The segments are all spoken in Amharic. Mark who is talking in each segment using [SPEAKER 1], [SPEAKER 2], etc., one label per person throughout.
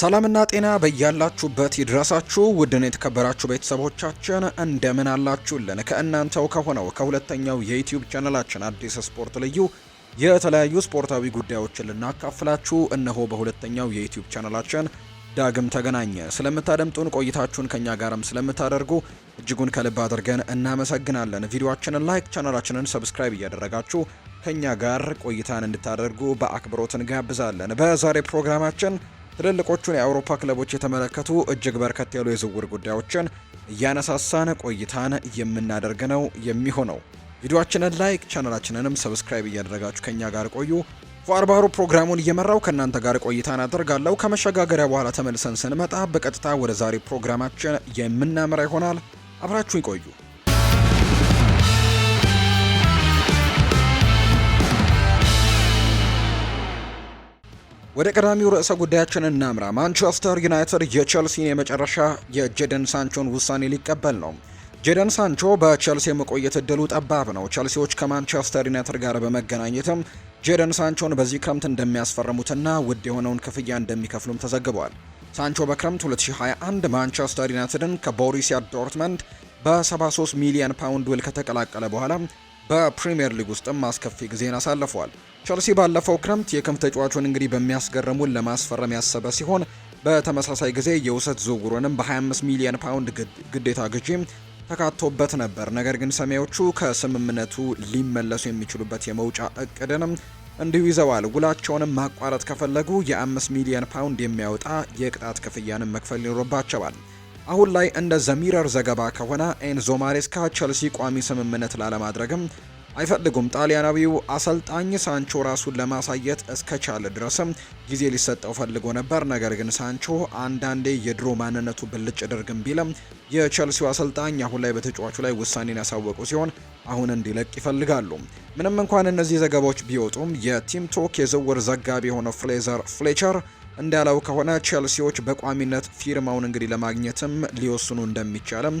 [SPEAKER 1] ሰላምና ጤና በያላችሁበት ይድረሳችሁ። ውድን የተከበራችሁ ቤተሰቦቻችን እንደምን አላችሁልን? ከእናንተው ከሆነው ከሁለተኛው የዩትዩብ ቻናላችን አዲስ ስፖርት ልዩ የተለያዩ ስፖርታዊ ጉዳዮችን ልናካፍላችሁ እነሆ በሁለተኛው የዩትዩብ ቻናላችን ዳግም ተገናኘ። ስለምታደምጡን ቆይታችሁን ከኛ ጋርም ስለምታደርጉ እጅጉን ከልብ አድርገን እናመሰግናለን። ቪዲዮችንን ላይክ፣ ቻናላችንን ሰብስክራይብ እያደረጋችሁ ከኛ ጋር ቆይታን እንድታደርጉ በአክብሮት እንጋብዛለን። በዛሬ ፕሮግራማችን ትልልቆቹን የአውሮፓ ክለቦች የተመለከቱ እጅግ በርከት ያሉ የዝውውር ጉዳዮችን እያነሳሳን ቆይታን የምናደርግ ነው የሚሆነው። ቪዲዮችንን ላይክ ቻናላችንንም ሰብስክራይብ እያደረጋችሁ ከኛ ጋር ቆዩ። ፏርባሩ ፕሮግራሙን እየመራው ከእናንተ ጋር ቆይታን አደርጋለሁ። ከመሸጋገሪያ በኋላ ተመልሰን ስንመጣ በቀጥታ ወደ ዛሬ ፕሮግራማችን የምናመራ ይሆናል። አብራችሁ ይቆዩ።
[SPEAKER 2] ወደ ቀዳሚው ርዕሰ ጉዳያችን እናምራ። ማንቸስተር ዩናይትድ የቸልሲን የመጨረሻ የጀደን ሳንቾን ውሳኔ ሊቀበል ነው። ጀደን ሳንቾ በቸልሲ የመቆየት እድሉ ጠባብ ነው። ቸልሲዎች ከማንቸስተር ዩናይትድ ጋር በመገናኘትም ጀደን ሳንቾን በዚህ ክረምት እንደሚያስፈርሙትና ውድ የሆነውን ክፍያ እንደሚከፍሉም ተዘግቧል። ሳንቾ በክረምት 2021 ማንቸስተር ዩናይትድን ከቦሪሲያ ዶርትመንድ በ73 ሚሊዮን ፓውንድ ውል ከተቀላቀለ በኋላ በፕሪምየር ሊግ ውስጥም አስከፊ ጊዜን አሳልፏል። ቸልሲ ባለፈው ክረምት የክንፍ ተጫዋቹን እንግዲህ በሚያስገርሙን ለማስፈረም ያሰበ ሲሆን በተመሳሳይ ጊዜ የውሰት ዝውውሩንም በ25 ሚሊዮን ፓውንድ ግዴታ ግዢም ተካቶበት ነበር። ነገር ግን ሰማያዊዎቹ ከስምምነቱ ሊመለሱ የሚችሉበት የመውጫ እቅድንም እንዲሁ ይዘዋል። ውላቸውንም ማቋረጥ ከፈለጉ የ5 ሚሊዮን ፓውንድ የሚያወጣ የቅጣት ክፍያንም መክፈል ይኖርባቸዋል። አሁን ላይ እንደ ዘሚረር ዘገባ ከሆነ ኤንዞ ማሬስካ ቸልሲ ቋሚ ስምምነት ላለማድረግም አይፈልጉም። ጣሊያናዊው አሰልጣኝ ሳንቾ ራሱን ለማሳየት እስከቻለ ድረስም ጊዜ ሊሰጠው ፈልጎ ነበር። ነገር ግን ሳንቾ አንዳንዴ የድሮ ማንነቱ ብልጭ ድርግም ቢለም የቸልሲው አሰልጣኝ አሁን ላይ በተጫዋቹ ላይ ውሳኔን ያሳወቁ ሲሆን አሁን እንዲለቅ ይፈልጋሉ። ምንም እንኳን እነዚህ ዘገባዎች ቢወጡም የቲም ቶክ የዝውውር ዘጋቢ የሆነው ፍሌዘር ፍሌቸር እንዳለው ከሆነ ቼልሲዎች በቋሚነት ፊርማውን እንግዲህ ለማግኘትም ሊወስኑ እንደሚቻልም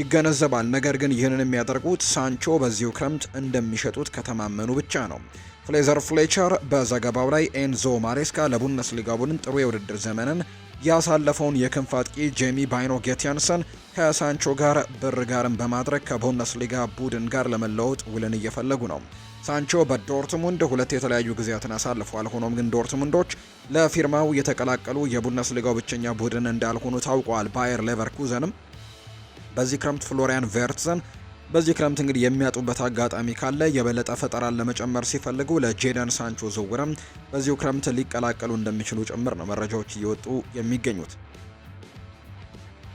[SPEAKER 2] ይገነዘባል። ነገር ግን ይህንን የሚያደርጉት ሳንቾ በዚሁ ክረምት እንደሚሸጡት ከተማመኑ ብቻ ነው። ፍሌዘር ፍሌቸር በዘገባው ላይ ኤንዞ ማሬስካ ለቡንደስሊጋ ቡድን ጥሩ የውድድር ዘመንን ያሳለፈውን የክንፍ አጥቂ ጄሚ ባይኖ ጌትያንሰን ከሳንቾ ጋር ብር ጋርን በማድረግ ከቡንደስሊጋ ቡድን ጋር ለመለወጥ ውልን እየፈለጉ ነው። ሳንቾ በዶርትሙንድ ሁለት የተለያዩ ጊዜያትን አሳልፏል። ሆኖም ግን ዶርትሙንዶች ለፊርማው የተቀላቀሉ የቡንደስሊጋው ብቸኛ ቡድን እንዳልሆኑ ታውቋል። ባየር ሌቨርኩዘንም በዚህ ክረምት ፍሎሪያን ቬርትዘን በዚህ ክረምት እንግዲህ የሚያጡበት አጋጣሚ ካለ የበለጠ ፈጠራን ለመጨመር ሲፈልጉ ለጄደን ሳንቾ ዝውውርም በዚሁ ክረምት ሊቀላቀሉ እንደሚችሉ ጭምር ነው መረጃዎች እየወጡ የሚገኙት።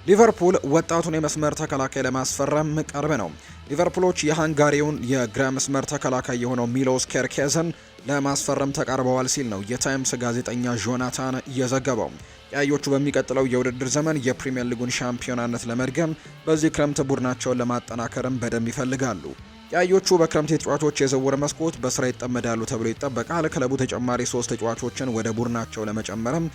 [SPEAKER 2] ሊቨርፑል ወጣቱን የመስመር ተከላካይ ለማስፈረም ቅርብ ነው። ሊቨርፑሎች የሃንጋሪውን የግራ መስመር ተከላካይ የሆነው ሚሎስ ኬርኬዝን ለማስፈረም ተቃርበዋል ሲል ነው የታይምስ ጋዜጠኛ ጆናታን እየዘገበው። ቀያዮቹ በሚቀጥለው የውድድር ዘመን የፕሪምየር ሊጉን ሻምፒዮናነት ለመድገም በዚህ ክረምት ቡድናቸውን ለማጠናከርም በደንብ ይፈልጋሉ። ቀያዮቹ በክረምት የተጫዋቾች የዝውውር መስኮት በስራ ይጠመዳሉ ተብሎ ይጠበቃል። ክለቡ ተጨማሪ ሶስት ተጫዋቾችን ወደ ቡድናቸው ለመጨመርም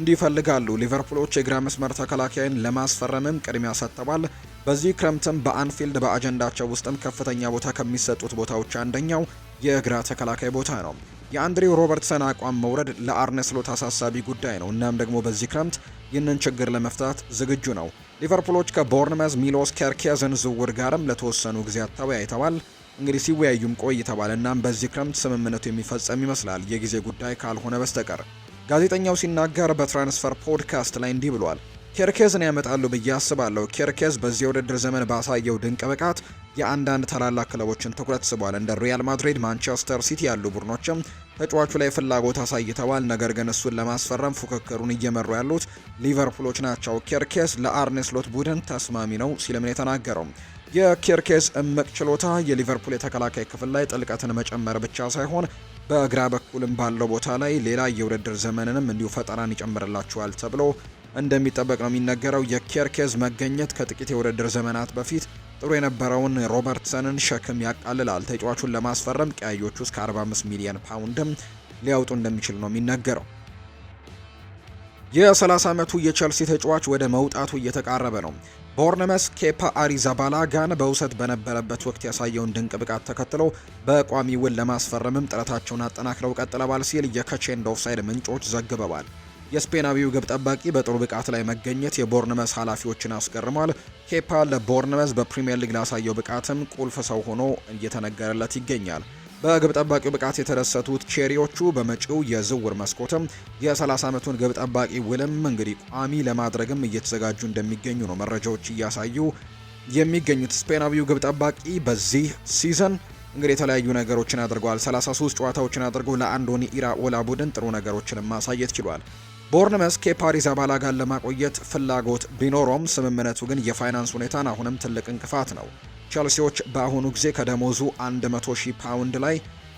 [SPEAKER 2] እንዲህ ይፈልጋሉ። ሊቨርፑሎች የግራ መስመር ተከላካይን ለማስፈረምም ቅድሚያ ሰጥተዋል። በዚህ ክረምትም በአንፊልድ በአጀንዳቸው ውስጥም ከፍተኛ ቦታ ከሚሰጡት ቦታዎች አንደኛው የግራ ተከላካይ ቦታ ነው። የአንድሬው ሮበርትሰን አቋም መውረድ ለአርነ ስሎት አሳሳቢ ጉዳይ ነው። እናም ደግሞ በዚህ ክረምት ይህንን ችግር ለመፍታት ዝግጁ ነው። ሊቨርፑሎች ከቦርንመዝ ሚሎስ ኬርኬዝን ዝውውር ጋርም ለተወሰኑ ጊዜያት ተወያይተዋል። እንግዲህ ሲወያዩም ቆይተዋል። እናም በዚህ ክረምት ስምምነቱ የሚፈጸም ይመስላል የጊዜ ጉዳይ ካልሆነ በስተቀር። ጋዜጠኛው ሲናገር በትራንስፈር ፖድካስት ላይ እንዲህ ብሏል። ኬርኬዝን ያመጣሉ ብዬ አስባለሁ። ኬርኬዝ በዚህ የውድድር ዘመን ባሳየው ድንቅ ብቃት የአንዳንድ ታላላቅ ክለቦችን ትኩረት ስቧል። እንደ ሪያል ማድሪድ፣ ማንቸስተር ሲቲ ያሉ ቡድኖችም ተጫዋቹ ላይ ፍላጎት አሳይተዋል። ነገር ግን እሱን ለማስፈረም ፉክክሩን እየመሩ ያሉት ሊቨርፑሎች ናቸው። ኬርኬስ ለአርኔስሎት ቡድን ተስማሚ ነው ሲልም ነው የተናገረው። የኬርኬዝ እምቅ ችሎታ የሊቨርፑል የተከላካይ ክፍል ላይ ጥልቀትን መጨመር ብቻ ሳይሆን በግራ በኩልም ባለው ቦታ ላይ ሌላ የውድድር ዘመንንም እንዲሁ ፈጠራን ይጨምርላችኋል ተብሎ እንደሚጠበቅ ነው የሚነገረው። የኬርኬዝ መገኘት ከጥቂት የውድድር ዘመናት በፊት ጥሩ የነበረውን ሮበርትሰንን ሸክም ያቃልላል። ተጫዋቹን ለማስፈረም ቀያዮቹ እስከ 45 ሚሊዮን ፓውንድም ሊያውጡ እንደሚችል ነው የሚነገረው። የ30 ዓመቱ የቸልሲ ተጫዋች ወደ መውጣቱ እየተቃረበ ነው። ቦርነመስ ኬፓ አሪዛባላጋን በውሰት በነበረበት ወቅት ያሳየውን ድንቅ ብቃት ተከትሎ በቋሚ ውል ለማስፈረምም ጥረታቸውን አጠናክረው ቀጥለዋል ሲል የከቼንዶ ኦፍሳይድ ምንጮች ዘግበዋል። የስፔናዊው ግብ ጠባቂ በጥሩ ብቃት ላይ መገኘት የቦርንመስ ኃላፊዎችን አስገርሟል። ኬፓ ለቦርንመስ በፕሪምየር ሊግ ላሳየው ብቃትም ቁልፍ ሰው ሆኖ እየተነገረለት ይገኛል። በግብ ጠባቂው ብቃት የተደሰቱት ቼሪዎቹ በመጪው የዝውውር መስኮትም የ30 ዓመቱን ግብ ጠባቂ ውልም እንግዲህ ቋሚ ለማድረግም እየተዘጋጁ እንደሚገኙ ነው መረጃዎች እያሳዩ የሚገኙት። ስፔናዊው ግብ ጠባቂ በዚህ ሲዘን እንግዲህ የተለያዩ ነገሮችን አድርጓል። 33 ጨዋታዎችን አድርጎ ለአንዶኒ ኢራኦላ ቡድን ጥሩ ነገሮችን ማሳየት ችሏል። ቦርንመስ ከፓሪስ አባላ ጋር ለማቆየት ፍላጎት ቢኖረውም ስምምነቱ ግን የፋይናንስ ሁኔታን አሁንም ትልቅ እንቅፋት ነው። ቸልሲዎች በአሁኑ ጊዜ ከደሞዙ 100,000 ፓውንድ ላይ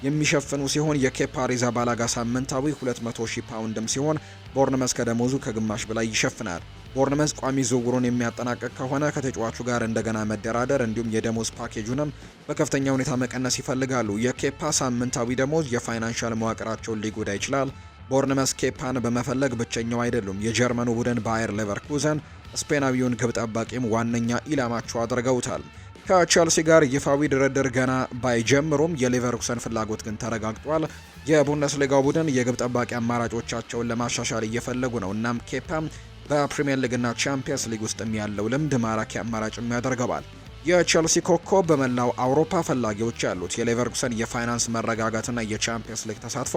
[SPEAKER 2] የሚሸፍኑ ሲሆን የኬፓሪዝ አባላጋ ሳምንታዊ 200,000 ፓውንድም ሲሆን ቦርንመስ ከደሞዙ ከግማሽ በላይ ይሸፍናል። ቦርንመስ ቋሚ ዝውውሩን የሚያጠናቅቅ ከሆነ ከተጫዋቹ ጋር እንደገና መደራደር እንዲሁም የደሞዝ ፓኬጁንም በከፍተኛ ሁኔታ መቀነስ ይፈልጋሉ። የኬፓ ሳምንታዊ ደሞዝ የፋይናንሻል መዋቅራቸውን ሊጎዳ ይችላል። ቦርንመስ ኬፓን በመፈለግ ብቸኛው አይደሉም። የጀርመኑ ቡድን ባየር ሌቨርኩዘን ስፔናዊውን ግብ ጠባቂም ዋነኛ ኢላማቸው አድርገውታል። ከቼልሲ ጋር ይፋዊ ድርድር ገና ባይጀምሩም የሌቨርኩሰን ፍላጎት ግን ተረጋግጧል። የቡንደስሊጋው ቡድን የግብ ጠባቂ አማራጮቻቸውን ለማሻሻል እየፈለጉ ነው። እናም ኬፓ በፕሪምየር ሊግና ቻምፒየንስ ሊግ ውስጥ ያለው ልምድ ማራኪ አማራጭም ያደርገዋል። የቼልሲ ኮከብ በመላው አውሮፓ ፈላጊዎች ያሉት የሌቨርኩሰን የፋይናንስ መረጋጋትና የቻምፒየንስ ሊግ ተሳትፎ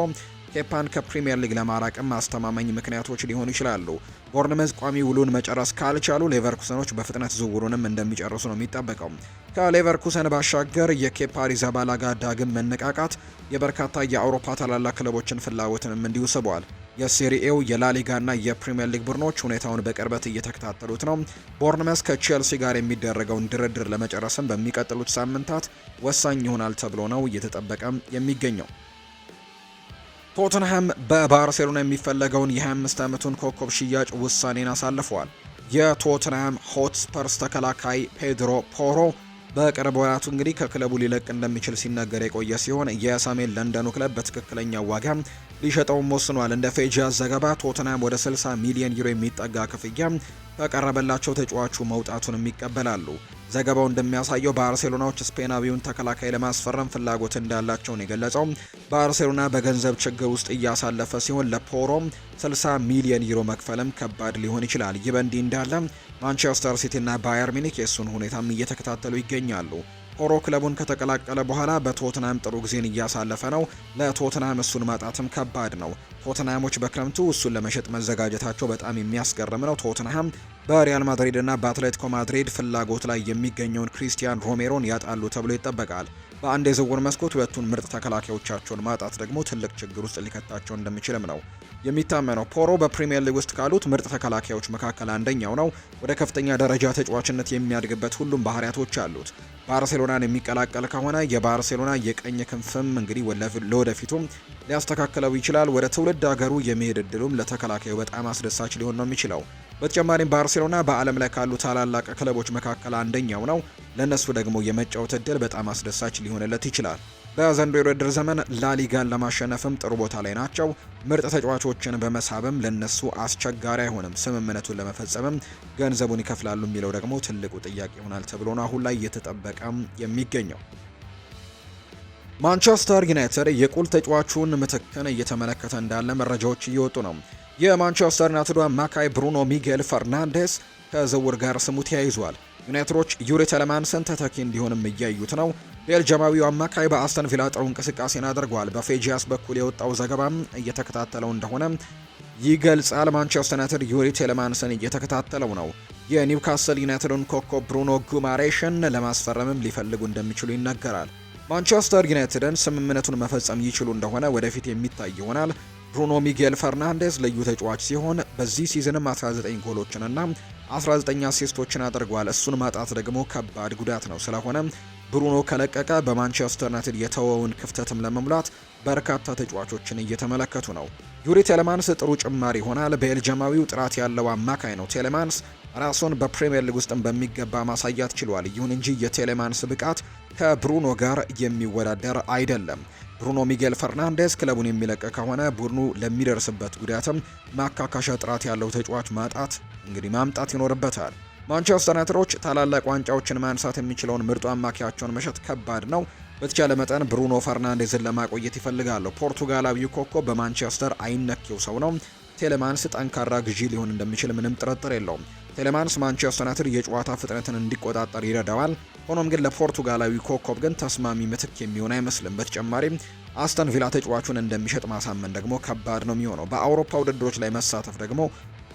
[SPEAKER 2] ኬፓን ከፕሪምየር ሊግ ለማራቅም አስተማማኝ ምክንያቶች ሊሆኑ ይችላሉ። ቦርንመዝ ቋሚ ውሉን መጨረስ ካልቻሉ ሌቨርኩሰኖች በፍጥነት ዝውውሩንም እንደሚጨርሱ ነው የሚጠበቀው። ከሌቨርኩሰን ባሻገር የኬፓ አሪዛባላጋ ዳግም መነቃቃት የበርካታ የአውሮፓ ታላላቅ ክለቦችን ፍላጎትንም እንዲሁ ስቧል። የሴሪኤው የላሊጋና የፕሪምየር ሊግ ቡድኖች ሁኔታውን በቅርበት እየተከታተሉት ነው። ቦርንመስ ከቼልሲ ጋር የሚደረገውን ድርድር ለመጨረስም በሚቀጥሉት ሳምንታት ወሳኝ ይሆናል ተብሎ ነው እየተጠበቀም የሚገኘው። ቶትንሃም በባርሴሎና የሚፈለገውን የ25 ዓመቱን ኮከብ ሽያጭ ውሳኔን አሳልፈዋል። የቶትንሃም ሆትስፐርስ ተከላካይ ፔድሮ ፖሮ በቅርብ ወራቱ እንግዲህ ከክለቡ ሊለቅ እንደሚችል ሲነገር የቆየ ሲሆን የሰሜን ለንደኑ ክለብ በትክክለኛ ዋጋ ሊሸጠውም ወስኗል። እንደ ፌጃ ዘገባ ቶትናም ወደ 60 ሚሊዮን ዩሮ የሚጠጋ ክፍያ ከቀረበላቸው ተጫዋቹ መውጣቱንም ይቀበላሉ። ዘገባው እንደሚያሳየው ባርሴሎናዎች ስፔናዊውን ተከላካይ ለማስፈረም ፍላጎት እንዳላቸውን የገለጸው ባርሴሎና በገንዘብ ችግር ውስጥ እያሳለፈ ሲሆን ለፖሮም 60 ሚሊዮን ዩሮ መክፈልም ከባድ ሊሆን ይችላል። ይህ በእንዲህ እንዳለ ማንቸስተር ሲቲና ባየር ሚኒክ የእሱን ሁኔታም እየተከታተሉ ይገኛሉ። ፖሮ ክለቡን ከተቀላቀለ በኋላ በቶትናም ጥሩ ጊዜን እያሳለፈ ነው። ለቶትናም እሱን ማጣትም ከባድ ነው። ቶትናሞች በክረምቱ እሱን ለመሸጥ መዘጋጀታቸው በጣም የሚያስገርም ነው። ቶትናም በሪያል ማድሪድ እና በአትሌቲኮ ማድሪድ ፍላጎት ላይ የሚገኘውን ክሪስቲያን ሮሜሮን ያጣሉ ተብሎ ይጠበቃል። በአንድ የዝውውር መስኮት ሁለቱን ምርጥ ተከላካዮቻቸውን ማጣት ደግሞ ትልቅ ችግር ውስጥ ሊከታቸው እንደሚችልም ነው የሚታመነው። ፖሮ በፕሪምየር ሊግ ውስጥ ካሉት ምርጥ ተከላካዮች መካከል አንደኛው ነው። ወደ ከፍተኛ ደረጃ ተጫዋችነት የሚያድግበት ሁሉም ባህሪያቶች አሉት። ባርሴሎናን የሚቀላቀል ከሆነ የባርሴሎና የቀኝ ክንፍም እንግዲህ ለወደፊቱም ሊያስተካክለው ይችላል። ወደ ትውልድ ሀገሩ የመሄድ እድሉም ለተከላካዩ በጣም አስደሳች ሊሆን ነው የሚችለው። በተጨማሪም ባርሴሎና በዓለም ላይ ካሉ ታላላቅ ክለቦች መካከል አንደኛው ነው። ለእነሱ ደግሞ የመጫወት እድል በጣም አስደሳች ሊሆንለት ይችላል። በዘንድሮ የውድድር ዘመን ላሊጋን ለማሸነፍም ጥሩ ቦታ ላይ ናቸው። ምርጥ ተጫዋቾችን በመሳብም ለነሱ አስቸጋሪ አይሆንም። ስምምነቱን ለመፈጸምም ገንዘቡን ይከፍላሉ የሚለው ደግሞ ትልቁ ጥያቄ ይሆናል ተብሎ ነው አሁን ላይ እየተጠበቀም የሚገኘው። ማንቸስተር ዩናይትድ የቁል ተጫዋቹን ምትክን እየተመለከተ እንዳለ መረጃዎች እየወጡ ነው። የማንቸስተር ዩናይትድ አማካይ ብሩኖ ሚጌል ፈርናንዴስ ከዝውውር ጋር ስሙ ተያይዟል። ዩናይትዶች ዩሪ ተለማንሰን ተተኪ እንዲሆንም እያዩት ነው። ቤልጅማዊው አማካይ በአስተን ቪላ ጥሩ እንቅስቃሴን አድርጓል። በፌጂያስ በኩል የወጣው ዘገባም እየተከታተለው እንደሆነ ይገልጻል። ማንቸስተር ዩናይትድ ዩሪ ቴለማንሰን እየተከታተለው ነው። የኒውካስል ዩናይትድን ኮኮ ብሩኖ ጉማሬሽን ለማስፈረምም ሊፈልጉ እንደሚችሉ ይነገራል። ማንቸስተር ዩናይትድን ስምምነቱን መፈጸም ይችሉ እንደሆነ ወደፊት የሚታይ ይሆናል። ብሩኖ ሚጌል ፈርናንዴዝ ልዩ ተጫዋች ሲሆን በዚህ ሲዝንም 19 ጎሎችንና 19 አሲስቶችን አድርጓል። እሱን ማጣት ደግሞ ከባድ ጉዳት ነው። ስለሆነ ብሩኖ ከለቀቀ በማንቸስተር ዩናይትድ የተወውን ክፍተትም ለመሙላት በርካታ ተጫዋቾችን እየተመለከቱ ነው። ዩሪ ቴሌማንስ ጥሩ ጭማሪ ይሆናል። ቤልጅማዊው ጥራት ያለው አማካይ ነው። ቴሌማንስ ራሱን በፕሪምየር ሊግ ውስጥም በሚገባ ማሳያት ችሏል። ይሁን እንጂ የቴሌማንስ ብቃት ከብሩኖ ጋር የሚወዳደር አይደለም። ብሩኖ ሚጌል ፈርናንዴስ ክለቡን የሚለቅ ከሆነ ቡድኑ ለሚደርስበት ጉዳትም ማካካሻ ጥራት ያለው ተጫዋች ማጣት እንግዲህ ማምጣት ይኖርበታል። ማንቸስተር ዩናይትዶች ታላላቅ ዋንጫዎችን ማንሳት የሚችለውን ምርጡ አማካያቸውን መሸጥ ከባድ ነው። በተቻለ መጠን ብሩኖ ፈርናንዴዝን ለማቆየት ይፈልጋሉ። ፖርቱጋላዊው ኮኮ በማንቸስተር አይነኪው ሰው ነው። ቴሌማንስ ጠንካራ ግዢ ሊሆን እንደሚችል ምንም ጥርጥር የለውም። ቴሌማንስ ማንቸስተር ዩናይትድ የጨዋታ ፍጥነትን እንዲቆጣጠር ይረዳዋል። ሆኖም ግን ለፖርቱጋላዊ ኮከብ ግን ተስማሚ ምትክ የሚሆን አይመስልም። በተጨማሪም አስተን ቪላ ተጫዋቹን እንደሚሸጥ ማሳመን ደግሞ ከባድ ነው የሚሆነው። በአውሮፓ ውድድሮች ላይ መሳተፍ ደግሞ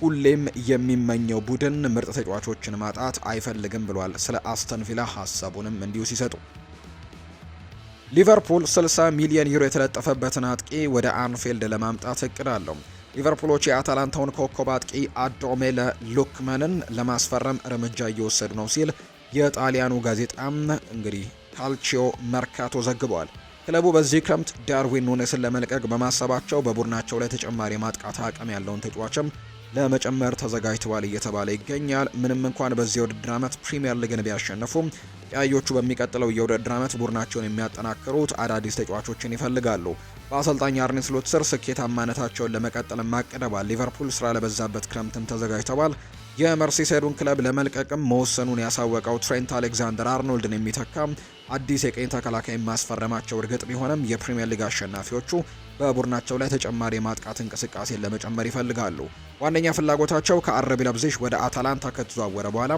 [SPEAKER 2] ሁሌም የሚመኘው ቡድን ምርጥ ተጫዋቾችን ማጣት አይፈልግም ብሏል። ስለ አስተን ቪላ ሀሳቡንም እንዲሁ ሲሰጡ ሊቨርፑል 60 ሚሊዮን ዩሮ የተለጠፈበትን አጥቂ ወደ አንፊልድ ለማምጣት እቅድ አለው። ሊቨርፑሎች የአታላንታውን ኮከብ አጥቂ አዶሜለ ሉክመንን ለማስፈረም እርምጃ እየወሰዱ ነው ሲል የጣሊያኑ ጋዜጣም እንግዲህ ካልቺዮ መርካቶ ዘግበዋል። ክለቡ በዚህ ክረምት ዳርዊን ኑኔስን ለመልቀቅ በማሰባቸው በቡድናቸው ላይ ተጨማሪ ማጥቃት አቅም ያለውን ተጫዋችም ለመጨመር ተዘጋጅተዋል እየተባለ ይገኛል። ምንም እንኳን በዚህ ውድድር ዓመት ፕሪምየር ሊግን ቢያሸንፉም ቀያዮቹ በሚቀጥለው የውድድር ዓመት ቡድናቸውን የሚያጠናክሩት አዳዲስ ተጫዋቾችን ይፈልጋሉ። በአሰልጣኝ አርኔ ስሎት ስር ስኬታማነታቸውን ለመቀጠል አቅደዋል። ሊቨርፑል ስራ ለበዛበት ክረምትም ተዘጋጅተዋል። የመርሲሳይዱን ክለብ ለመልቀቅም መወሰኑን ያሳወቀው ትሬንት አሌክዛንደር አርኖልድን የሚተካ አዲስ የቀኝ ተከላካይ ማስፈረማቸው እርግጥ ቢሆንም የፕሪምየር ሊግ አሸናፊዎቹ በቡድናቸው ላይ ተጨማሪ የማጥቃት እንቅስቃሴን ለመጨመር ይፈልጋሉ። ዋነኛ ፍላጎታቸው ከአረቢ ለብዜሽ ወደ አታላንታ ከተዘዋወረ በኋላ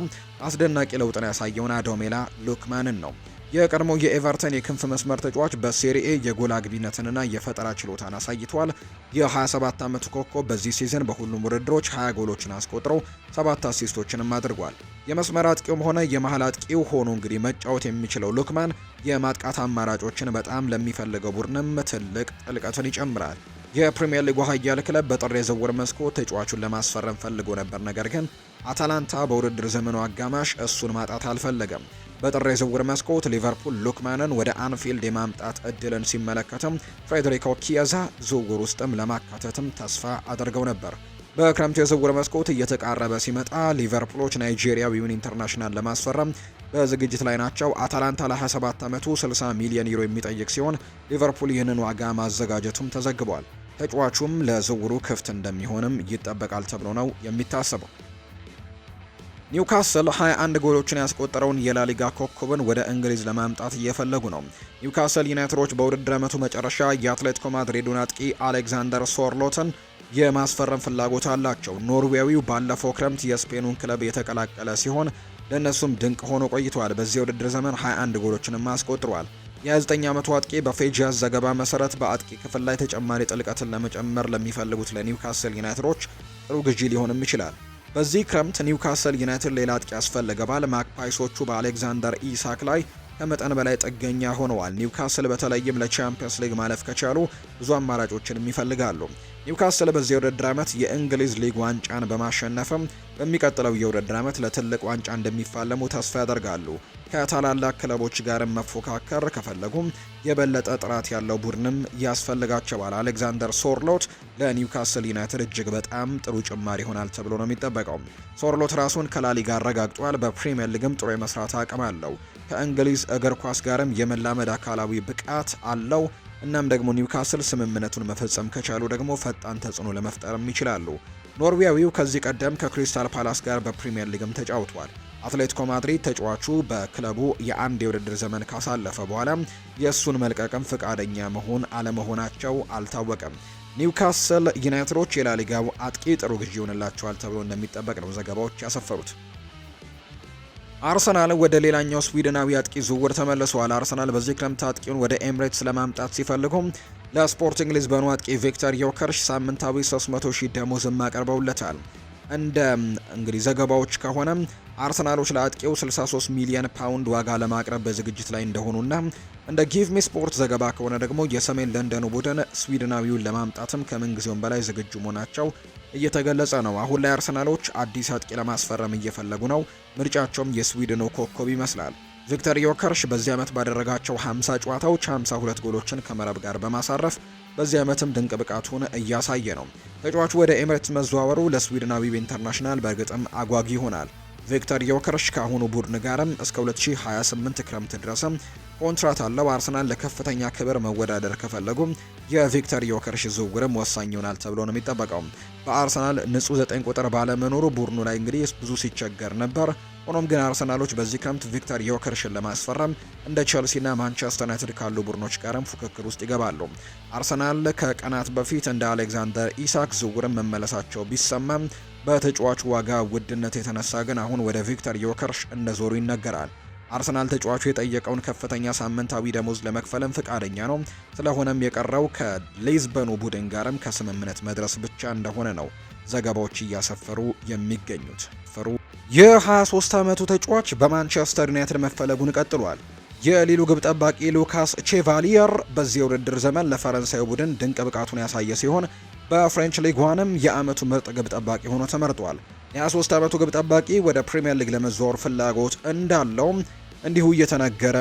[SPEAKER 2] አስደናቂ ለውጥን ያሳየውን አዶሜላ ሉክማንን ነው። የቀድሞ የኤቨርተን የክንፍ መስመር ተጫዋች በሴሪኤ የጎል አግቢነትንና የፈጠራ ችሎታን አሳይቷል። የ27 ዓመቱ ኮከብ በዚህ ሲዝን በሁሉም ውድድሮች 20 ጎሎችን አስቆጥሮ ሰባት አሲስቶችንም አድርጓል። የመስመር አጥቂውም ሆነ የመሀል አጥቂው ሆኖ እንግዲህ መጫወት የሚችለው ሉክማን የማጥቃት አማራጮችን በጣም ለሚፈልገው ቡድንም ትልቅ ጥልቀትን ይጨምራል። የፕሪምየር ሊጉ ኃያል ክለብ በጥር የዝውውር መስኮት ተጫዋቹን ለማስፈረም ፈልጎ ነበር። ነገር ግን አታላንታ በውድድር ዘመኑ አጋማሽ እሱን ማጣት አልፈለገም። በጥር የዝውውር መስኮት ሊቨርፑል ሉክማንን ወደ አንፊልድ የማምጣት እድልን ሲመለከትም ፍሬድሪኮ ኪያዛ ዝውውር ውስጥም ለማካተትም ተስፋ አድርገው ነበር። በክረምቱ የዝውውር መስኮት እየተቃረበ ሲመጣ ሊቨርፑሎች ናይጄሪያዊውን ኢንተርናሽናል ለማስፈረም በዝግጅት ላይ ናቸው። አታላንታ ለ27 ዓመቱ 60 ሚሊዮን ዩሮ የሚጠይቅ ሲሆን ሊቨርፑል ይህንን ዋጋ ማዘጋጀቱም ተዘግቧል። ተጫዋቹም ለዝውውሩ ክፍት እንደሚሆንም ይጠበቃል ተብሎ ነው የሚታሰበው። ኒውካስል 21 ጎሎችን ያስቆጠረውን የላሊጋ ኮከብን ወደ እንግሊዝ ለማምጣት እየፈለጉ ነው። ኒውካስል ዩናይትዶች በውድድር ዓመቱ መጨረሻ የአትሌቲኮ ማድሪዱን አጥቂ አሌክዛንደር ሶርሎትን የማስፈረም ፍላጎት አላቸው። ኖርዌያዊው ባለፈው ክረምት የስፔኑን ክለብ የተቀላቀለ ሲሆን ለእነሱም ድንቅ ሆኖ ቆይተዋል። በዚህ ውድድር ዘመን 21 ጎሎችንም አስቆጥሯል። የ29 ዓመቱ አጥቂ በፌጂያስ ዘገባ መሰረት በአጥቂ ክፍል ላይ ተጨማሪ ጥልቀትን ለመጨመር ለሚፈልጉት ለኒውካስል ዩናይትዶች ጥሩ ግዢ ሊሆንም ይችላል። በዚህ ክረምት ኒውካስል ዩናይትድ ሌላ አጥቂ ያስፈልገባል። ማክፓይሶቹ በአሌክዛንደር ኢሳክ ላይ ከመጠን በላይ ጥገኛ ሆነዋል። ኒውካስል በተለይም ለቻምፒየንስ ሊግ ማለፍ ከቻሉ ብዙ አማራጮችን ይፈልጋሉ። ኒውካስል በዚህ የውድድር ዓመት የእንግሊዝ ሊግ ዋንጫን በማሸነፍም በሚቀጥለው የውድድር ዓመት ለትልቅ ዋንጫ እንደሚፋለሙ ተስፋ ያደርጋሉ። ከታላላቅ ክለቦች ጋርም መፎካከር ከፈለጉም የበለጠ ጥራት ያለው ቡድንም ያስፈልጋቸዋል። አሌክዛንደር ሶርሎት ለኒውካስል ዩናይትድ እጅግ በጣም ጥሩ ጭማሪ ይሆናል ተብሎ ነው የሚጠበቀው። ሶርሎት ራሱን ከላሊጋ አረጋግጧል። በፕሪምየር ሊግም ጥሩ የመስራት አቅም አለው። ከእንግሊዝ እግር ኳስ ጋርም የመላመድ አካላዊ ብቃት አለው። እናም ደግሞ ኒውካስል ስምምነቱን መፈጸም ከቻሉ ደግሞ ፈጣን ተጽዕኖ ለመፍጠርም ይችላሉ። ኖርዌያዊው ከዚህ ቀደም ከክሪስታል ፓላስ ጋር በፕሪምየር ሊግም ተጫውቷል። አትሌቲኮ ማድሪድ ተጫዋቹ በክለቡ የአንድ የውድድር ዘመን ካሳለፈ በኋላ የእሱን መልቀቅም ፍቃደኛ መሆን አለመሆናቸው አልታወቀም። ኒውካስል ዩናይትዶች የላሊጋው አጥቂ ጥሩ ግዢ ይሆንላቸዋል ተብሎ እንደሚጠበቅ ነው ዘገባዎች ያሰፈሩት። አርሰናል ወደ ሌላኛው ስዊድናዊ አጥቂ ዝውውር ተመልሰዋል። አርሰናል በዚህ ክረምት አጥቂውን ወደ ኤምሬትስ ለማምጣት ሲፈልጉም ለስፖርቲንግ ሊዝበኑ አጥቂ ቪክተር ዮከርሽ ሳምንታዊ 300 ሺህ ደሞዝም አቅርበውለታል። እንደ እንግዲህ ዘገባዎች ከሆነ አርሰናሎች ለአጥቂው 63 ሚሊዮን ፓውንድ ዋጋ ለማቅረብ በዝግጅት ላይ እንደሆኑና እንደ ጊቭ ሚ ስፖርት ዘገባ ከሆነ ደግሞ የሰሜን ለንደኑ ቡድን ስዊድናዊውን ለማምጣትም ከምንጊዜውም በላይ ዝግጁ መሆናቸው እየተገለጸ ነው። አሁን ላይ አርሰናሎች አዲስ አጥቂ ለማስፈረም እየፈለጉ ነው። ምርጫቸውም የስዊድኑ ኮከብ ይመስላል። ቪክተር ዮከርሽ በዚህ ዓመት ባደረጋቸው 50 ጨዋታዎች 52 ጎሎችን ከመረብ ጋር በማሳረፍ በዚህ ዓመትም ድንቅ ብቃቱን እያሳየ ነው። ተጫዋቹ ወደ ኤምሬትስ መዘዋወሩ ለስዊድናዊው ኢንተርናሽናል በእርግጥም አጓጊ ይሆናል። ቪክተር ዮከርሽ ከአሁኑ ቡድን ጋርም እስከ 2028 ክረምት ድረስም ኮንትራት አለው። አርሰናል ለከፍተኛ ክብር መወዳደር ከፈለጉ የቪክተር ዮከርሽ ዝውውርም ወሳኝ ይሆናል ተብሎ ነው የሚጠበቀው። በአርሰናል ንጹህ ዘጠኝ ቁጥር ባለመኖሩ ቡድኑ ላይ እንግዲህ ብዙ ሲቸገር ነበር። ሆኖም ግን አርሰናሎች በዚህ ክረምት ቪክተር ዮከርሽን ለማስፈረም እንደ ቸልሲና ማንቸስተር ዩናይትድ ካሉ ቡድኖች ጋርም ፉክክር ውስጥ ይገባሉ። አርሰናል ከቀናት በፊት እንደ አሌክዛንደር ኢሳክ ዝውውርን መመለሳቸው ቢሰማም በተጫዋቹ ዋጋ ውድነት የተነሳ ግን አሁን ወደ ቪክተር ዮከርሽ እንደዞሩ ይነገራል። አርሰናል ተጫዋቹ የጠየቀውን ከፍተኛ ሳምንታዊ ደሞዝ ለመክፈልም ፍቃደኛ ነው። ስለሆነም የቀረው ከሊዝበኑ ቡድን ጋርም ከስምምነት መድረስ ብቻ እንደሆነ ነው ዘገባዎች እያሰፈሩ የሚገኙት። ፍሩ የ23 ዓመቱ ተጫዋች በማንቸስተር ዩናይትድ መፈለጉን ቀጥሏል። የሊሉ ግብ ጠባቂ ሉካስ ቼቫሊየር በዚህ ውድድር ዘመን ለፈረንሳይ ቡድን ድንቅ ብቃቱን ያሳየ ሲሆን በፍሬንች ሊግ ዋንም የአመቱ ምርጥ ግብ ጠባቂ ሆኖ ተመርጧል። የ23 አመቱ ግብ ጠባቂ ወደ ፕሪምየር ሊግ ለመዛወር ፍላጎት እንዳለው እንዲሁ እየተነገረ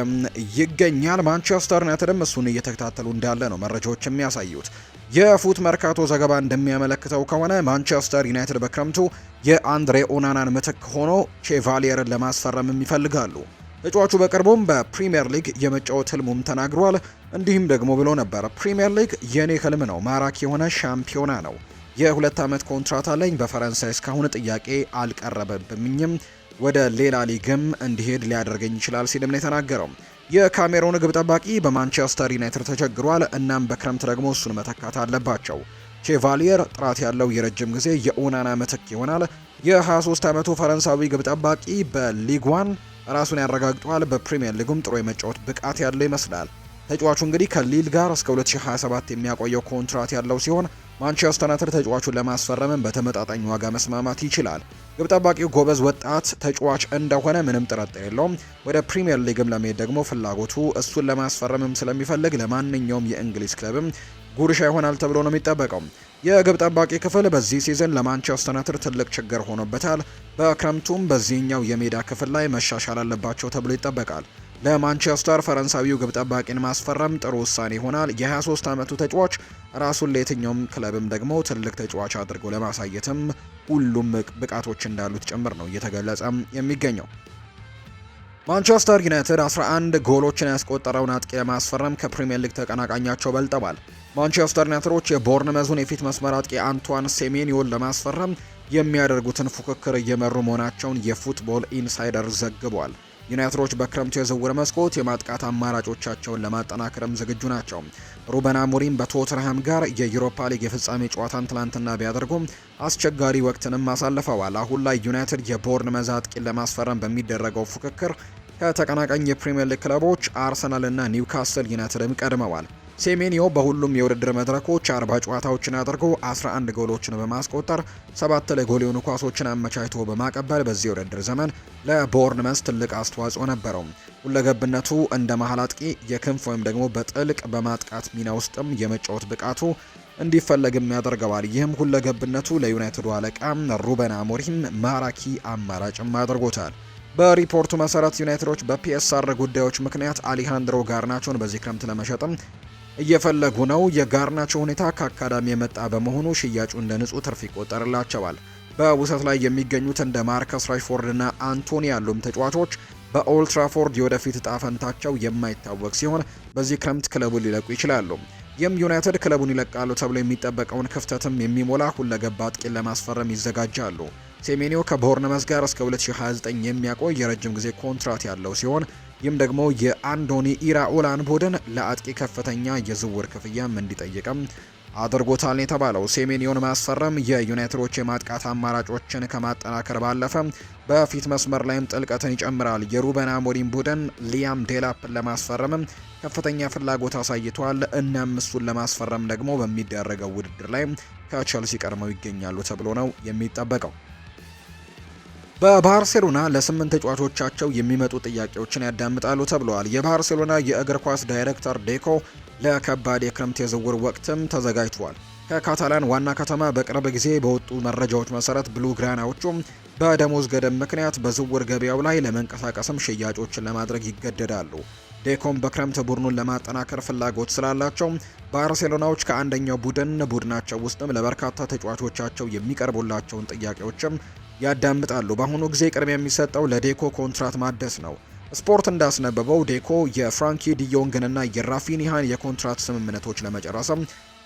[SPEAKER 2] ይገኛል። ማንቸስተር ዩናይትድም እሱን እየተከታተሉ እንዳለ ነው መረጃዎች የሚያሳዩት። የፉት መርካቶ ዘገባ እንደሚያመለክተው ከሆነ ማንቸስተር ዩናይትድ በክረምቱ የአንድሬ ኦናናን ምትክ ሆኖ ቼቫሊየርን ለማስፈረም ይፈልጋሉ። ተጫዋቹ በቅርቡም በፕሪምየር ሊግ የመጫወት ህልሙም ተናግሯል። እንዲህም ደግሞ ብሎ ነበር ፕሪምየር ሊግ የኔ ህልም ነው፣ ማራኪ የሆነ ሻምፒዮና ነው። የሁለት ዓመት ኮንትራት አለኝ በፈረንሳይ እስካሁን ጥያቄ አልቀረበብኝም፣ ወደ ሌላ ሊግም እንዲሄድ ሊያደርገኝ ይችላል ሲልም ነው የተናገረው። የካሜሮን ግብ ጠባቂ በማንቸስተር ዩናይትድ ተቸግሯል። እናም በክረምት ደግሞ እሱን መተካት አለባቸው። ቼቫሊየር ጥራት ያለው የረጅም ጊዜ የኦናና ምትክ ይሆናል። የ23 ዓመቱ ፈረንሳዊ ግብ ጠባቂ በሊጓን ራሱን ያረጋግጧል። በፕሪሚየር ሊጉም ጥሩ የመጫወት ብቃት ያለው ይመስላል። ተጫዋቹ እንግዲህ ከሊል ጋር እስከ 2027 የሚያቆየው ኮንትራት ያለው ሲሆን ማንቸስተር ዩናይትድ ተጫዋቹን ለማስፈረምን በተመጣጣኝ ዋጋ መስማማት ይችላል። ግብ ጠባቂው ጎበዝ ወጣት ተጫዋች እንደሆነ ምንም ጥርጥር የለውም። ወደ ፕሪምየር ሊግም ለመሄድ ደግሞ ፍላጎቱ እሱን ለማስፈረምም ስለሚፈልግ ለማንኛውም የእንግሊዝ ክለብም ጉርሻ ይሆናል ተብሎ ነው የሚጠበቀው። የግብ ጠባቂ ክፍል በዚህ ሲዝን ለማንቸስተር ዩናይትድ ትልቅ ችግር ሆኖበታል። በክረምቱም በዚህኛው የሜዳ ክፍል ላይ መሻሻል አለባቸው ተብሎ ይጠበቃል። ለማንቸስተር ፈረንሳዊው ግብ ጠባቂን ማስፈረም ጥሩ ውሳኔ ይሆናል። የ23 ዓመቱ ተጫዋች ራሱን ለየትኛውም ክለብም ደግሞ ትልቅ ተጫዋች አድርጎ ለማሳየትም ሁሉም ብቃቶች እንዳሉት ጭምር ነው እየተገለጸ የሚገኘው። ማንቸስተር ዩናይትድ 11 ጎሎችን ያስቆጠረውን አጥቂ ለማስፈረም ከፕሪምየር ሊግ ተቀናቃኛቸው በልጠዋል። ማንቸስተር ዩናይትዶች የቦርንመዙን የፊት መስመር አጥቂ አንቷን ሴሜንዮን ለማስፈረም የሚያደርጉትን ፉክክር እየመሩ መሆናቸውን የፉትቦል ኢንሳይደር ዘግቧል። ዩናይትዶች በክረምቱ የዝውውር መስኮት የማጥቃት አማራጮቻቸውን ለማጠናከርም ዝግጁ ናቸው። ሩበን አሞሪም በቶትንሃም ጋር የዩሮፓ ሊግ የፍጻሜ ጨዋታን ትላንትና ቢያደርጉም አስቸጋሪ ወቅትንም አሳልፈዋል። አሁን ላይ ዩናይትድ የቦርን መዛጥቂን ለማስፈረም በሚደረገው ፉክክር ከተቀናቃኝ የፕሪምየር ሊግ ክለቦች አርሰናል እና ኒውካስል ዩናይትድም ቀድመዋል። ሴሜኒዮ በሁሉም የውድድር መድረኮች አርባ ጨዋታዎችን አድርጎ 11 ጎሎችን በማስቆጠር ሰባት ለጎል የሆኑ ኳሶችን አመቻችቶ በማቀበል በዚህ የውድድር ዘመን ለቦርንመስ ትልቅ አስተዋጽኦ ነበረው። ሁለገብነቱ እንደ መሀል አጥቂ፣ የክንፍ ወይም ደግሞ በጥልቅ በማጥቃት ሚና ውስጥም የመጫወት ብቃቱ እንዲፈለግም ያደርገዋል። ይህም ሁለገብነቱ ለዩናይትዱ አለቃ ሩበን አሞሪም ማራኪ አማራጭም አድርጎታል። በሪፖርቱ መሰረት ዩናይትዶች በፒኤስአር ጉዳዮች ምክንያት አሊሃንድሮ ጋርናቾን በዚህ ክረምት ለመሸጥም እየፈለጉ ነው። የጋርናቾ ሁኔታ ከአካዳሚ የመጣ በመሆኑ ሽያጩ እንደ ንጹህ ትርፍ ይቆጠርላቸዋል። በውሰት ላይ የሚገኙት እንደ ማርከስ ራሽፎርድና አንቶኒ ያሉም ተጫዋቾች በኦልትራፎርድ የወደፊት እጣ ፈንታቸው የማይታወቅ ሲሆን በዚህ ክረምት ክለቡን ሊለቁ ይችላሉ። ይህም ዩናይትድ ክለቡን ይለቃሉ ተብሎ የሚጠበቀውን ክፍተትም የሚሞላ ሁለገባ አጥቂን ለማስፈረም ይዘጋጃሉ። ሴሜኒዮ ከቦርነመስ ጋር እስከ 2029 የሚያቆይ የረጅም ጊዜ ኮንትራት ያለው ሲሆን ይህም ደግሞ የአንዶኒ ኢራኦላን ቡድን ለአጥቂ ከፍተኛ የዝውውር ክፍያም እንዲጠይቅም አድርጎታል የተባለው ሴሜኒዮን ማስፈረም የዩናይትዶች የማጥቃት አማራጮችን ከማጠናከር ባለፈ በፊት መስመር ላይም ጥልቀትን ይጨምራል። የሩበን አሞሪም ቡድን ሊያም ዴላፕን ለማስፈረምም ከፍተኛ ፍላጎት አሳይቷል። እናም እሱን ለማስፈረም ደግሞ በሚደረገው ውድድር ላይ ከቸልሲ ቀድመው ይገኛሉ ተብሎ ነው የሚጠበቀው። በባርሴሎና ለስምንት ተጫዋቾቻቸው የሚመጡ ጥያቄዎችን ያዳምጣሉ ተብለዋል። የባርሴሎና የእግር ኳስ ዳይሬክተር ዴኮ ለከባድ የክረምት የዝውውር ወቅትም ተዘጋጅቷል። ከካታላን ዋና ከተማ በቅርብ ጊዜ በወጡ መረጃዎች መሰረት ብሉ ግራናዎቹ በደሞዝ ገደብ ምክንያት በዝውውር ገበያው ላይ ለመንቀሳቀስም ሽያጮችን ለማድረግ ይገደዳሉ። ዴኮም በክረምት ቡድኑን ለማጠናከር ፍላጎት ስላላቸው ባርሴሎናዎች ከአንደኛው ቡድን ቡድናቸው ውስጥም ለበርካታ ተጫዋቾቻቸው የሚቀርቡላቸውን ጥያቄዎችም ያዳምጣሉ። በአሁኑ ጊዜ ቅድሚያ የሚሰጠው ለዴኮ ኮንትራት ማደስ ነው። ስፖርት እንዳስነበበው ዴኮ የፍራንኪ ዲዮንግንና የራፊኒሃን የኮንትራት ስምምነቶች ለመጨረስም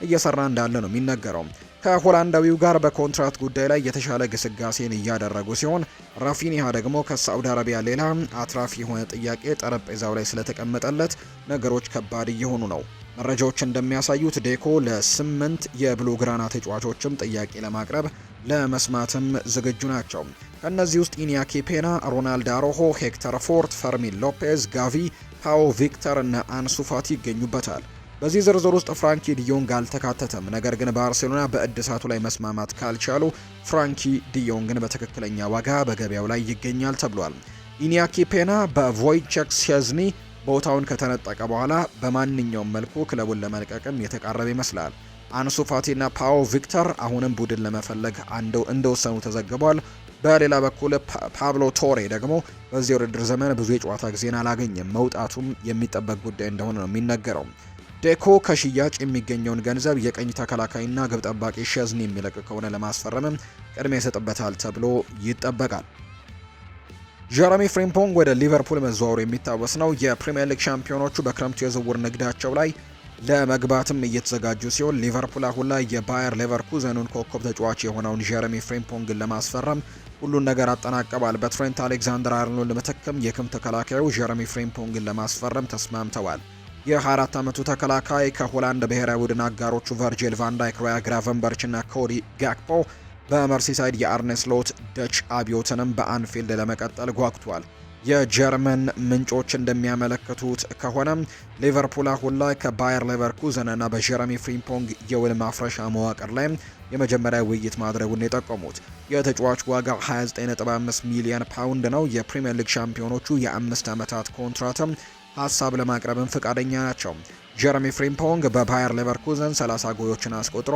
[SPEAKER 2] እየሰራ እንዳለ ነው የሚነገረው። ከሆላንዳዊው ጋር በኮንትራት ጉዳይ ላይ የተሻለ ግስጋሴን እያደረጉ ሲሆን፣ ራፊኒሃ ደግሞ ከሳዑዲ አረቢያ ሌላ አትራፊ የሆነ ጥያቄ ጠረጴዛው ላይ ስለተቀመጠለት ነገሮች ከባድ እየሆኑ ነው። መረጃዎች እንደሚያሳዩት ዴኮ ለስምንት የብሉግራና ተጫዋቾችም ጥያቄ ለማቅረብ ለመስማትም ዝግጁ ናቸው። ከእነዚህ ውስጥ ኢኒያኪ ፔና፣ ሮናልድ አሮሆ፣ ሄክተር ፎርት፣ ፈርሚን ሎፔዝ፣ ጋቪ፣ ፓዎ ቪክተር እና አንሱ ይገኙበታል። በዚህ ዝርዝር ውስጥ ፍራንኪ ዲዮንግ አልተካተተም። ነገር ግን ባርሴሎና በእድሳቱ ላይ መስማማት ካልቻሉ ፍራንኪ ዲዮንግን በትክክለኛ ዋጋ በገበያው ላይ ይገኛል ተብሏል። ኢኒያኪ ፔና በቮይቸክ ሴዝኒ ቦታውን ከተነጠቀ በኋላ በማንኛውም መልኩ ክለቡን ለመልቀቅም የተቃረበ ይመስላል። አንሱፋቲና ፋቲና ቪክተር አሁንም ቡድን ለመፈለግ እንደወሰኑ ተዘግቧል። በሌላ በኩል ፓብሎ ቶሬ ደግሞ በዚህ የውድድር ዘመን ብዙ የጨዋታ ጊዜን አላገኘም። መውጣቱም የሚጠበቅ ጉዳይ እንደሆነ ነው የሚነገረው። ዴኮ ከሽያጭ የሚገኘውን ገንዘብ የቀኝ ተከላካይና ግብ ጠባቂ ሸዝኒ የሚለቅ ከሆነ ለማስፈረምም ቅድሚያ ይሰጥበታል ተብሎ ይጠበቃል። ጀረሚ ፍሪምፖንግ ወደ ሊቨርፑል መዘዋወሩ የሚታወስ ነው። የፕሪምየር ሊግ ሻምፒዮኖቹ በክረምቱ የዝውውር ንግዳቸው ላይ ለመግባትም እየተዘጋጁ ሲሆን ሊቨርፑል አሁን ላይ የባየር ሌቨርኩዘኑን ኮከብ ተጫዋች የሆነውን ጀረሚ ፍሬምፖንግን ለማስፈረም ሁሉን ነገር አጠናቀዋል። በትሬንት አሌክዛንደር አርኖልድ ምትክም የክም ተከላካዩ ጀረሚ ፍሬምፖንግን ለማስፈረም ተስማምተዋል። የ24 ዓመቱ ተከላካይ ከሆላንድ ብሔራዊ ቡድን አጋሮቹ ቨርጂል ቫንዳይክ፣ ሮያ ግራቨንበርች እና ኮዲ ጋክፖ በመርሲሳይድ የአርኔ ደች አብዮትንም በአንፊልድ ለመቀጠል ጓጉቷል። የጀርመን ምንጮች እንደሚያመለክቱት ከሆነ ሊቨርፑል አሁን ላይ ከባየር ሌቨርኩዘን እና በጀረሚ ፍሪምፖንግ የውል ማፍረሻ መዋቅር ላይ የመጀመሪያ ውይይት ማድረጉን የጠቆሙት የተጫዋች ዋጋ 29.5 ሚሊዮን ፓውንድ ነው። የፕሪምየር ሊግ ሻምፒዮኖቹ የአምስት ዓመታት ኮንትራትም ሀሳብ ለማቅረብም ፈቃደኛ ናቸው። ጀረሚ ፍሪምፖንግ በባየር ሌቨርኩዘን 30 ጎሎችን አስቆጥሮ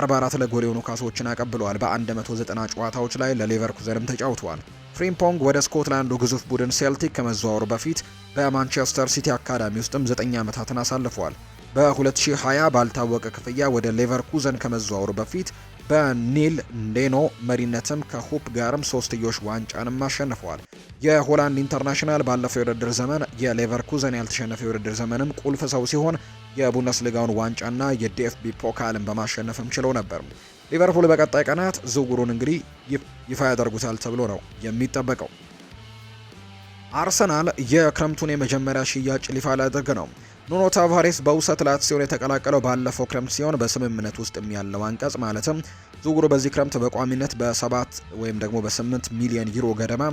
[SPEAKER 2] 44 ለጎል የሆኑ ኳሶችን አቀብሏል። በ190 ጨዋታዎች ላይ ለሌቨርኩዘንም ተጫውቷል። ፍሪምፖንግ ወደ ስኮትላንዱ ግዙፍ ቡድን ሴልቲክ ከመዘዋወሩ በፊት በማንቸስተር ሲቲ አካዳሚ ውስጥም ዘጠኝ ዓመታትን አሳልፏል። በ2020 ባልታወቀ ክፍያ ወደ ሌቨርኩዘን ከመዘዋወሩ በፊት በኒል ሌኖ መሪነትም ከሁፕ ጋርም ሶስትዮሽ ዋንጫንም አሸንፈዋል። የሆላንድ ኢንተርናሽናል ባለፈው የውድድር ዘመን የሌቨርኩዘን ያልተሸነፈ የውድድር ዘመንም ቁልፍ ሰው ሲሆን የቡንደስሊጋውን ዋንጫና የዲኤፍቢ ፖካልን በማሸነፍም ችለው ነበር። ሊቨርፑል በቀጣይ ቀናት ዝውውሩን እንግዲህ ይፋ ያደርጉታል ተብሎ ነው የሚጠበቀው። አርሰናል የክረምቱን የመጀመሪያ ሽያጭ ሊፋ ሊያደርግ ነው። ኑኖ ታቫሬስ በውሰት ላትሲዮን የተቀላቀለው ባለፈው ክረምት ሲሆን በስምምነት ውስጥ ያለው አንቀጽ ማለትም ዝውውሩ በዚህ ክረምት በቋሚነት በሰባት ወይም ደግሞ በስምንት ሚሊዮን ዩሮ ገደማ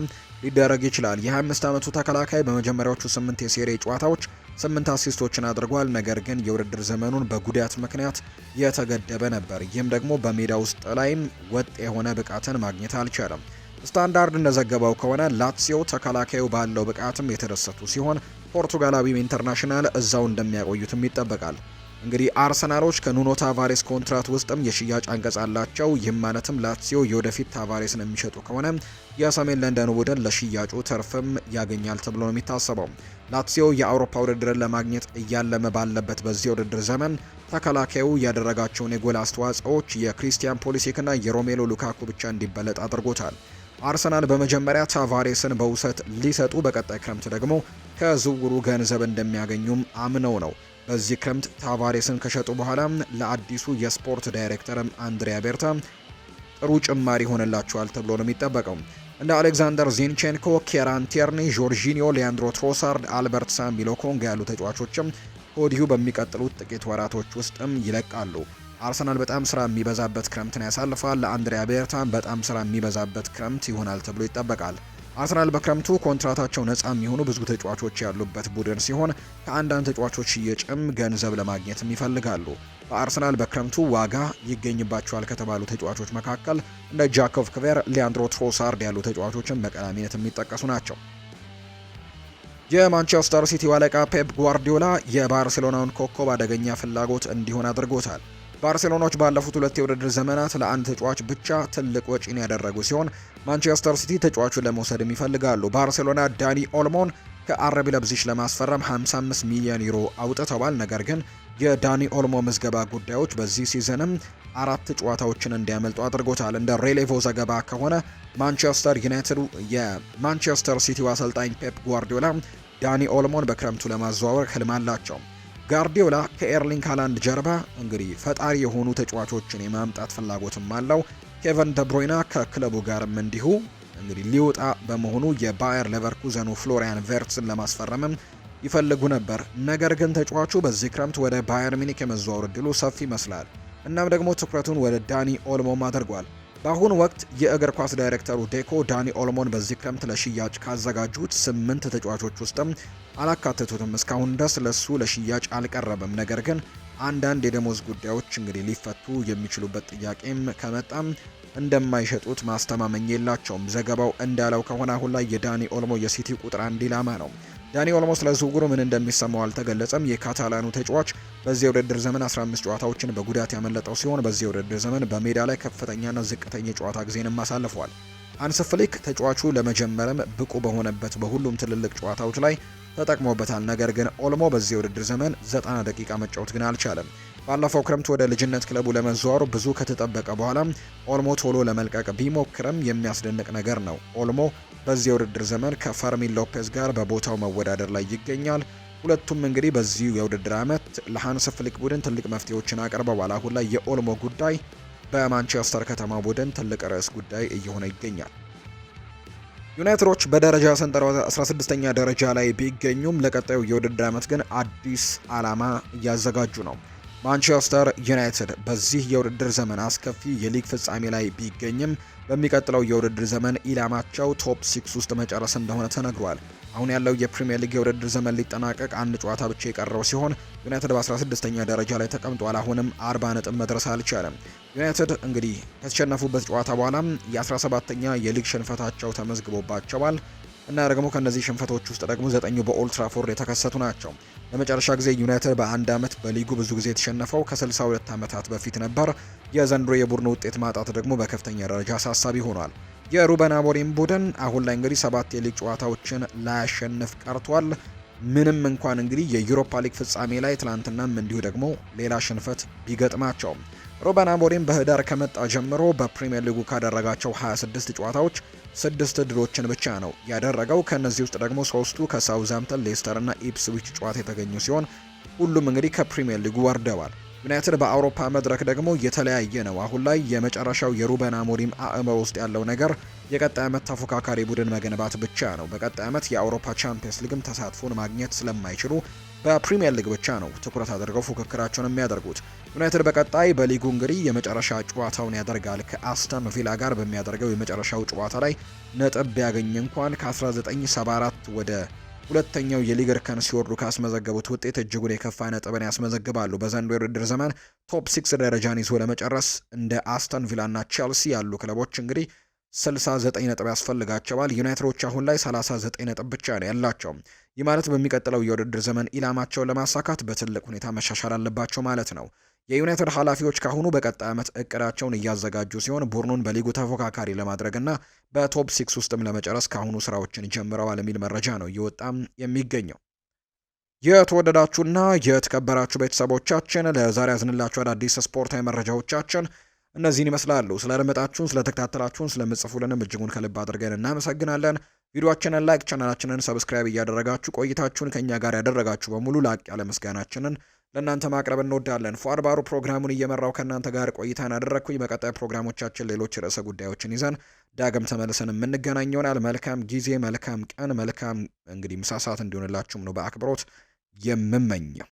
[SPEAKER 2] ሊደረግ ይችላል። የ25 ዓመቱ ተከላካይ በመጀመሪያዎቹ ስምንት የሴሬ ጨዋታዎች ስምንት አሲስቶችን አድርጓል። ነገር ግን የውድድር ዘመኑን በጉዳት ምክንያት የተገደበ ነበር። ይህም ደግሞ በሜዳ ውስጥ ላይም ወጥ የሆነ ብቃትን ማግኘት አልቻለም። ስታንዳርድ እንደዘገበው ከሆነ ላትሲዮ ተከላካዩ ባለው ብቃትም የተደሰቱ ሲሆን ፖርቱጋላዊው ኢንተርናሽናል እዛው እንደሚያቆዩትም ይጠበቃል። እንግዲህ አርሰናሎች ከኑኖ ታቫሬስ ኮንትራት ውስጥም የሽያጭ አንቀጽ አላቸው። ይህም ማለትም ላትሲዮ የወደፊት ታቫሬስን የሚሸጡ ከሆነ የሰሜን ለንደን ቡድን ለሽያጩ ትርፍም ያገኛል ተብሎ ነው የሚታሰበው። ላትሲዮ የአውሮፓ ውድድርን ለማግኘት እያለመ ባለበት በዚህ ውድድር ዘመን ተከላካዩ ያደረጋቸውን የጎል አስተዋጽኦዎች የክሪስቲያን ፖሊሲክና የሮሜሎ ሉካኩ ብቻ እንዲበለጥ አድርጎታል። አርሰናል በመጀመሪያ ታቫሬስን በውሰት ሊሰጡ በቀጣይ ክረምት ደግሞ ከዝውውሩ ገንዘብ እንደሚያገኙም አምነው ነው በዚህ ክረምት ታቫሬስን ከሸጡ በኋላ ለአዲሱ የስፖርት ዳይሬክተርም አንድሪያ ቤርታ ጥሩ ጭማሪ ሆነላቸዋል ተብሎ ነው የሚጠበቀው። እንደ አሌክዛንደር ዚንቼንኮ፣ ኬራን ቴርኒ፣ ጆርጂኒዮ፣ ሊያንድሮ ትሮሳርድ፣ አልበርት ሳምቢሎኮንግ ያሉ ተጫዋቾችም ከወዲሁ በሚቀጥሉት ጥቂት ወራቶች ውስጥም ይለቃሉ። አርሰናል በጣም ስራ የሚበዛበት ክረምትን ያሳልፋል። ለአንድሪያ ቤርታን በጣም ስራ የሚበዛበት ክረምት ይሆናል ተብሎ ይጠበቃል። አርሰናል በክረምቱ ኮንትራታቸው ነፃ የሚሆኑ ብዙ ተጫዋቾች ያሉበት ቡድን ሲሆን ከአንዳንድ ተጫዋቾች እየጭም ገንዘብ ለማግኘትም ይፈልጋሉ። በአርሰናል በክረምቱ ዋጋ ይገኝባቸዋል ከተባሉ ተጫዋቾች መካከል እንደ ጃኮቭ ክቬር፣ ሊያንድሮ ትሮሳርድ ያሉ ተጫዋቾችን በቀዳሚነት የሚጠቀሱ ናቸው። የማንቸስተር ሲቲ አለቃ ፔፕ ጓርዲዮላ የባርሴሎናውን ኮከብ አደገኛ ፍላጎት እንዲሆን አድርጎታል። ባርሴሎናዎች ባለፉት ሁለት የውድድር ዘመናት ለአንድ ተጫዋች ብቻ ትልቅ ወጪን ያደረጉ ሲሆን ማንቸስተር ሲቲ ተጫዋቹን ለመውሰድም ይፈልጋሉ። ባርሴሎና ዳኒ ኦልሞን ከአረቢ ለብዚሽ ለማስፈረም 55 ሚሊዮን ዩሮ አውጥተዋል። ነገር ግን የዳኒ ኦልሞ ምዝገባ ጉዳዮች በዚህ ሲዘንም አራት ጨዋታዎችን እንዲያመልጡ አድርጎታል። እንደ ሬሌቮ ዘገባ ከሆነ ማንቸስተር ዩናይትድ የማንቸስተር ሲቲው አሰልጣኝ ፔፕ ጓርዲዮላ ዳኒ ኦልሞን በክረምቱ ለማዘዋወር ህልም አላቸው። ጋርዲዮላ ከኤርሊንግ ሃላንድ ጀርባ እንግዲህ ፈጣሪ የሆኑ ተጫዋቾችን የማምጣት ፍላጎትም አለው። ኬቨን ደብሮይና ከክለቡ ጋርም እንዲሁ እንግዲህ ሊወጣ በመሆኑ የባየር ሌቨርኩዘኑ ፍሎሪያን ቨርትስን ለማስፈረምም ይፈልጉ ነበር። ነገር ግን ተጫዋቹ በዚህ ክረምት ወደ ባየር ሚኒክ የመዘዋወር እድሉ ሰፊ ይመስላል። እናም ደግሞ ትኩረቱን ወደ ዳኒ ኦልሞም አድርጓል። በአሁኑ ወቅት የእግር ኳስ ዳይሬክተሩ ዴኮ ዳኒ ኦልሞን በዚህ ክረምት ለሽያጭ ካዘጋጁት ስምንት ተጫዋቾች ውስጥም አላካተቱትም። እስካሁን ድረስ ለሱ ለሽያጭ አልቀረበም። ነገር ግን አንዳንድ የደሞዝ ጉዳዮች እንግዲህ ሊፈቱ የሚችሉበት ጥያቄም ከመጣም እንደማይሸጡት ማስተማመኝ የላቸውም። ዘገባው እንዳለው ከሆነ አሁን ላይ የዳኒ ኦልሞ የሲቲ ቁጥር አንድ ኢላማ ነው። ዳኒ ኦልሞስ ለዝውውሩ ምን እንደሚሰማው አልተገለጸም። የካታላኑ ተጫዋች በዚህ የውድድር ዘመን 15 ጨዋታዎችን በጉዳት ያመለጠው ሲሆን በዚህ የውድድር ዘመን በሜዳ ላይ ከፍተኛና ዝቅተኛ የጨዋታ ጊዜንም አሳልፏል። ሃንስ ፍሊክ ተጫዋቹ ለመጀመርም ብቁ በሆነበት በሁሉም ትልልቅ ጨዋታዎች ላይ ተጠቅሞበታል። ነገር ግን ኦልሞ በዚህ የውድድር ዘመን 90 ደቂቃ መጫወት ግን አልቻለም። ባለፈው ክረምት ወደ ልጅነት ክለቡ ለመዘዋሩ ብዙ ከተጠበቀ በኋላ ኦልሞ ቶሎ ለመልቀቅ ቢሞክርም የሚያስደንቅ ነገር ነው። ኦልሞ በዚህ የውድድር ዘመን ከፈርሚን ሎፔዝ ጋር በቦታው መወዳደር ላይ ይገኛል። ሁለቱም እንግዲህ በዚሁ የውድድር ዓመት ለሃንስ ፍሊክ ቡድን ትልቅ መፍትሄዎችን አቅርበዋል። አሁን ላይ የኦልሞ ጉዳይ በማንቸስተር ከተማ ቡድን ትልቅ ርዕስ ጉዳይ እየሆነ ይገኛል። ዩናይትዶች በደረጃ ሰንጠረዥ 16ኛ ደረጃ ላይ ቢገኙም ለቀጣዩ የውድድር ዓመት ግን አዲስ ዓላማ እያዘጋጁ ነው። ማንቸስተር ዩናይትድ በዚህ የውድድር ዘመን አስከፊ የሊግ ፍጻሜ ላይ ቢገኝም በሚቀጥለው የውድድር ዘመን ኢላማቸው ቶፕ ሲክስ ውስጥ መጨረስ እንደሆነ ተነግሯል። አሁን ያለው የፕሪምየር ሊግ የውድድር ዘመን ሊጠናቀቅ አንድ ጨዋታ ብቻ የቀረው ሲሆን ዩናይትድ በ16ኛ ደረጃ ላይ ተቀምጧል። አሁንም 40 ነጥብ መድረስ አልቻለም። ዩናይትድ እንግዲህ ከተሸነፉበት ጨዋታ በኋላም የ17ኛ የሊግ ሽንፈታቸው ተመዝግቦባቸዋል። እና ደግሞ ከነዚህ ሽንፈቶች ውስጥ ደግሞ ዘጠኙ በኦልትራፎርድ የተከሰቱ ናቸው። ለመጨረሻ ጊዜ ዩናይትድ በአንድ ዓመት በሊጉ ብዙ ጊዜ የተሸነፈው ከ62 ዓመታት በፊት ነበር። የዘንድሮ የቡድኑ ውጤት ማጣት ደግሞ በከፍተኛ ደረጃ አሳሳቢ ሆኗል። የሩበን አሞሪም ቡድን አሁን ላይ እንግዲህ ሰባት የሊግ ጨዋታዎችን ላያሸንፍ ቀርቷል። ምንም እንኳን እንግዲህ የዩሮፓ ሊግ ፍጻሜ ላይ ትላንትናም እንዲሁ ደግሞ ሌላ ሽንፈት ቢገጥማቸውም ሩበን አሞሪም በህዳር ከመጣ ጀምሮ በፕሪምየር ሊጉ ካደረጋቸው 26 ጨዋታዎች ስድስት ድሎችን ብቻ ነው ያደረገው። ከእነዚህ ውስጥ ደግሞ ሶስቱ ከሳውዛምተን፣ ሌስተር እና ኢፕስዊች ጨዋታ የተገኙ ሲሆን ሁሉም እንግዲህ ከፕሪምየር ሊጉ ወርደዋል። ዩናይትድ በአውሮፓ መድረክ ደግሞ የተለያየ ነው። አሁን ላይ የመጨረሻው የሩበን አሞሪም አእምሮ ውስጥ ያለው ነገር የቀጣይ ዓመት ተፎካካሪ ቡድን መገንባት ብቻ ነው። በቀጣይ ዓመት የአውሮፓ ቻምፒየንስ ሊግም ተሳትፎን ማግኘት ስለማይችሉ በፕሪምየር ሊግ ብቻ ነው ትኩረት አድርገው ፉክክራቸውን የሚያደርጉት። ዩናይትድ በቀጣይ በሊጉ እንግዲህ የመጨረሻ ጨዋታውን ያደርጋል። ከአስተን ቪላ ጋር በሚያደርገው የመጨረሻው ጨዋታ ላይ ነጥብ ቢያገኝ እንኳን ከ1974 ወደ ሁለተኛው የሊግ እርከን ሲወርዱ ካስመዘገቡት ውጤት እጅጉን የከፋ ነጥብን ያስመዘግባሉ። በዘንድሮው የውድድር ዘመን ቶፕ ሲክስ ደረጃን ይዞ ለመጨረስ እንደ አስተን ቪላና ቼልሲ ያሉ ክለቦች እንግዲህ 69 ነጥብ ያስፈልጋቸዋል። ዩናይትዶች አሁን ላይ 39 ነጥብ ብቻ ነው ያላቸው። ይህ ማለት በሚቀጥለው የውድድር ዘመን ኢላማቸውን ለማሳካት በትልቅ ሁኔታ መሻሻል አለባቸው ማለት ነው። የዩናይትድ ኃላፊዎች ካሁኑ በቀጣይ ዓመት እቅዳቸውን እያዘጋጁ ሲሆን ቡድኑን በሊጉ ተፎካካሪ ለማድረግና በቶፕ ሲክስ ውስጥም ለመጨረስ ካሁኑ ስራዎችን ጀምረዋል የሚል መረጃ ነው እየወጣም የሚገኘው። የተወደዳችሁና የተከበራችሁ ቤተሰቦቻችን ለዛሬ ያዝንላችሁ አዳዲስ ስፖርታዊ መረጃዎቻችን እነዚህን ይመስላሉ። ስላደመጣችሁን፣ ስለተከታተላችሁን፣ ስለምጽፉልንም እጅጉን ከልብ አድርገን እናመሰግናለን። ቪዲዮችንን ላይክ፣ ቻናላችንን ሰብስክራይብ እያደረጋችሁ ቆይታችሁን ከእኛ ጋር ያደረጋችሁ በሙሉ ላቅ ያለ ምስጋናችንን ለእናንተ ማቅረብ እንወዳለን። ፏርባሩ ፕሮግራሙን እየመራው ከእናንተ ጋር ቆይታን አደረግኩኝ። በቀጣይ ፕሮግራሞቻችን ሌሎች ርዕሰ ጉዳዮችን ይዘን ዳግም ተመልሰን የምንገናኝ ይሆናል። መልካም ጊዜ፣ መልካም ቀን፣ መልካም እንግዲህ ምሳሳት እንዲሆንላችሁም ነው በአክብሮት የምመኘው።